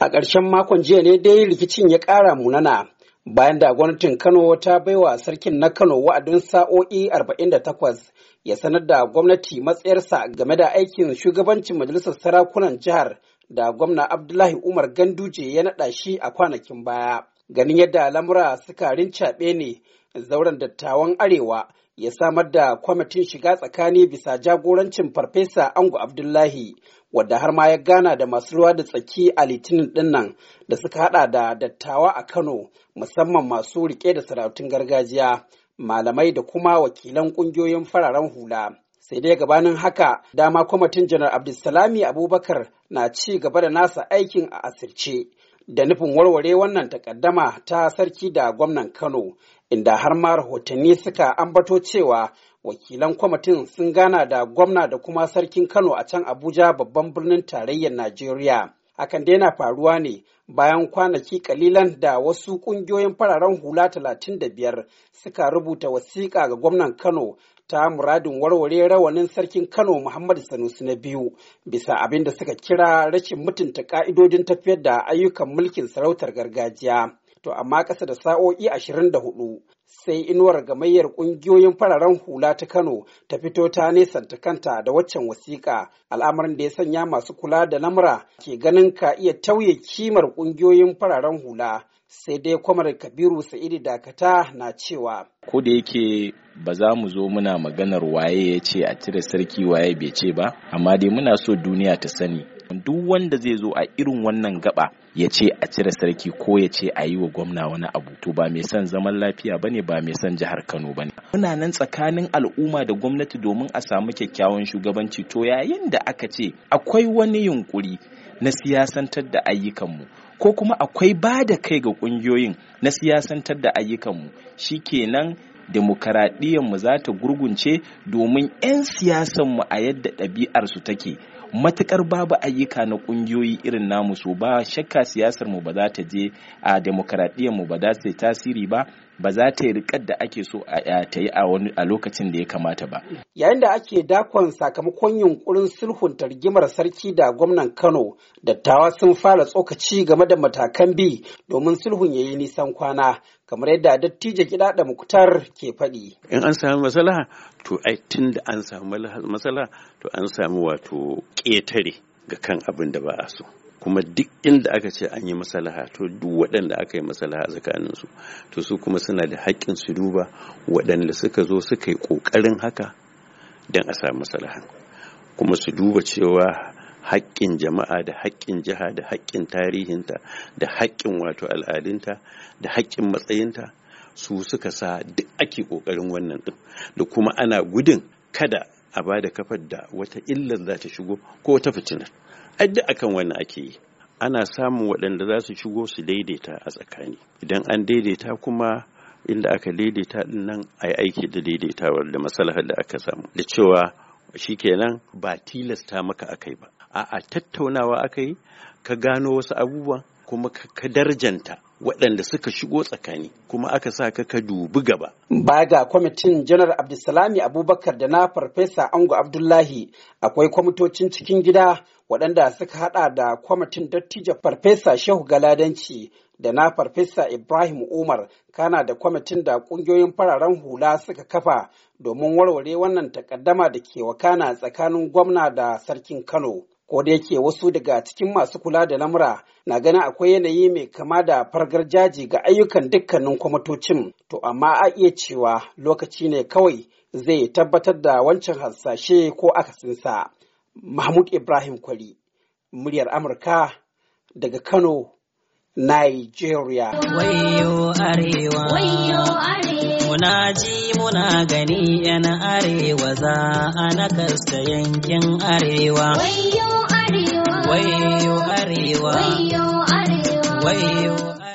A ƙarshen makon jiya ne dai rikicin ya ƙara munana bayan da gwamnatin Kano ta baiwa sarkin na Kano wa'adin sa'o'i 48 ya sanar da gwamnati matsayarsa game da aikin shugabancin majalisar sarakunan jihar da gwamna Abdullahi Umar Ganduje ya naɗa shi a kwanakin baya. Ganin yadda lamura suka rincaɓe ne zauren dattawan Arewa ya samar da kwamitin shiga tsakani bisa jagorancin farfesa ango abdullahi wadda har ma ya gana da masu ruwa da tsaki a litinin dinnan da suka hada da dattawa a kano musamman masu rike da sarautun gargajiya malamai da kuma wakilan kungiyoyin fararen hula sai dai gabanin haka dama kwamitin janar abdulsalami abubakar na ci gaba da nasa aikin a asirce da nufin warware wannan takaddama ta sarki da gwamnan Kano, inda har ma rahotanni suka ambato cewa wakilan kwamitin sun gana da gwamna da kuma sarkin Kano a can Abuja babban birnin tarayyar Najeriya. akan dai yana faruwa ne bayan kwanaki kalilan da wasu kungiyoyin fararen hula talatin da biyar, suka rubuta wasiƙa ga gwamnan kano ta muradin warware rawanin sarkin kano muhammadu sanusi na biyu bisa abin da suka kira rashin mutunta ka'idodin tafiyar da ayyukan mulkin sarautar gargajiya to amma ƙasa da sa'o'i 24 sai inuwar gamayyar kungiyoyin fararen hula ta Kano ta fito ta ta kanta da waccan wasiƙa al'amarin da ya sanya masu kula da lamura ke ganin ka iya tauye kimar kungiyoyin fararen hula sai dai kwamar kabiru sa'idi dakata na cewa ko da yake ba za mu zo muna maganar waye ya ce a cire sarki waye bai ce ba amma dai muna so duniya ta sani duk wanda zai zo a irin wannan gaba ya ce a cire sarki ko ya ce a yi wa gwamna wani abu to ba mai son zaman lafiya ba ne ba mai son jihar kano ba ne muna nan tsakanin al'umma da gwamnati domin a samu kyakkyawan shugabanci to yayin da aka ce akwai wani yunkuri na siyasantar da ayyukanmu ko kuma akwai ba da kai ga ƙungiyoyin na siyasantar da ayyukanmu shikenan demokaradiyyarmu za ta gurgunce domin 'yan siyasanmu a yadda ɗabi'arsu take matukar babu ayyuka na kungiyoyi irin namu so ba shakka siyasar mu ba za ta je a demokaradiyyar mu ba za ta tasiri ba ba za ta yi rikar da ake so ta yi a lokacin da ya kamata ba. Yayin da ake dakon sakamakon yunkurin sulhunta rigimar sarki da gwamnan Kano, dattawa sun fara tsokaci game da matakan bi domin sulhun ya yi nisan kwana, kamar yadda dattijo gida da mukutar ke faɗi. In an samu matsala, to ai tun da an samu matsala, to an samu wato ƙetare ga kan abin da ba a so. kuma duk inda aka ce an yi masalaha to duk waɗanda aka yi masalaha tsakanin su to su kuma suna da haƙƙin su duba waɗanda suka zo suka yi ƙoƙarin haka don a samu masalaha kuma su duba cewa haƙƙin jama'a da haƙƙin jiha da haƙƙin tarihinta da haƙƙin wato al'adunta da haƙƙin matsayinta su suka sa duk ake ƙoƙarin wannan ɗin da kuma ana gudun kada a ba da kafar da wata illar za ta shigo ko wata fitinar adda akan wani ake yi ana samun waɗanda za su shigo su daidaita a tsakani idan an daidaita kuma inda aka daidaita din nan a yi aiki da daidaitawar da masalahar da aka samu da cewa shi kenan ba tilasta maka aka yi ba a tattaunawa aka yi ka gano wasu abubuwa kuma ka darjanta waɗanda suka shigo tsakani kuma aka sa ka ka dubi gaba. Ba ga kwamitin janar Abdulsalami Abubakar da na farfesa Ango Abdullahi akwai kwamitocin cikin gida waɗanda suka haɗa da kwamitin dattijo farfesa Shehu Galadanci da na farfesa Ibrahim Umar kana da kwamitin da ƙungiyoyin fararen hula suka kafa domin warware wannan takaddama da ke wakana tsakanin gwamna da sarkin Kano. ko da yake wasu daga cikin masu kula da lamura na ganin akwai yanayi mai kama da fargar jaji ga ayyukan dukkanin kwamitocin to amma a iya cewa lokaci ne kawai zai tabbatar da wancan hasashe ko akasinsa mahmud ibrahim kwari muryar amurka daga kano nigeria wayo arewa wayo arewa zauna gani yan arewa za a nakasta yankin arewa. Wayo arewa. Wayo arewa. Wayo arewa. Wayo arewa.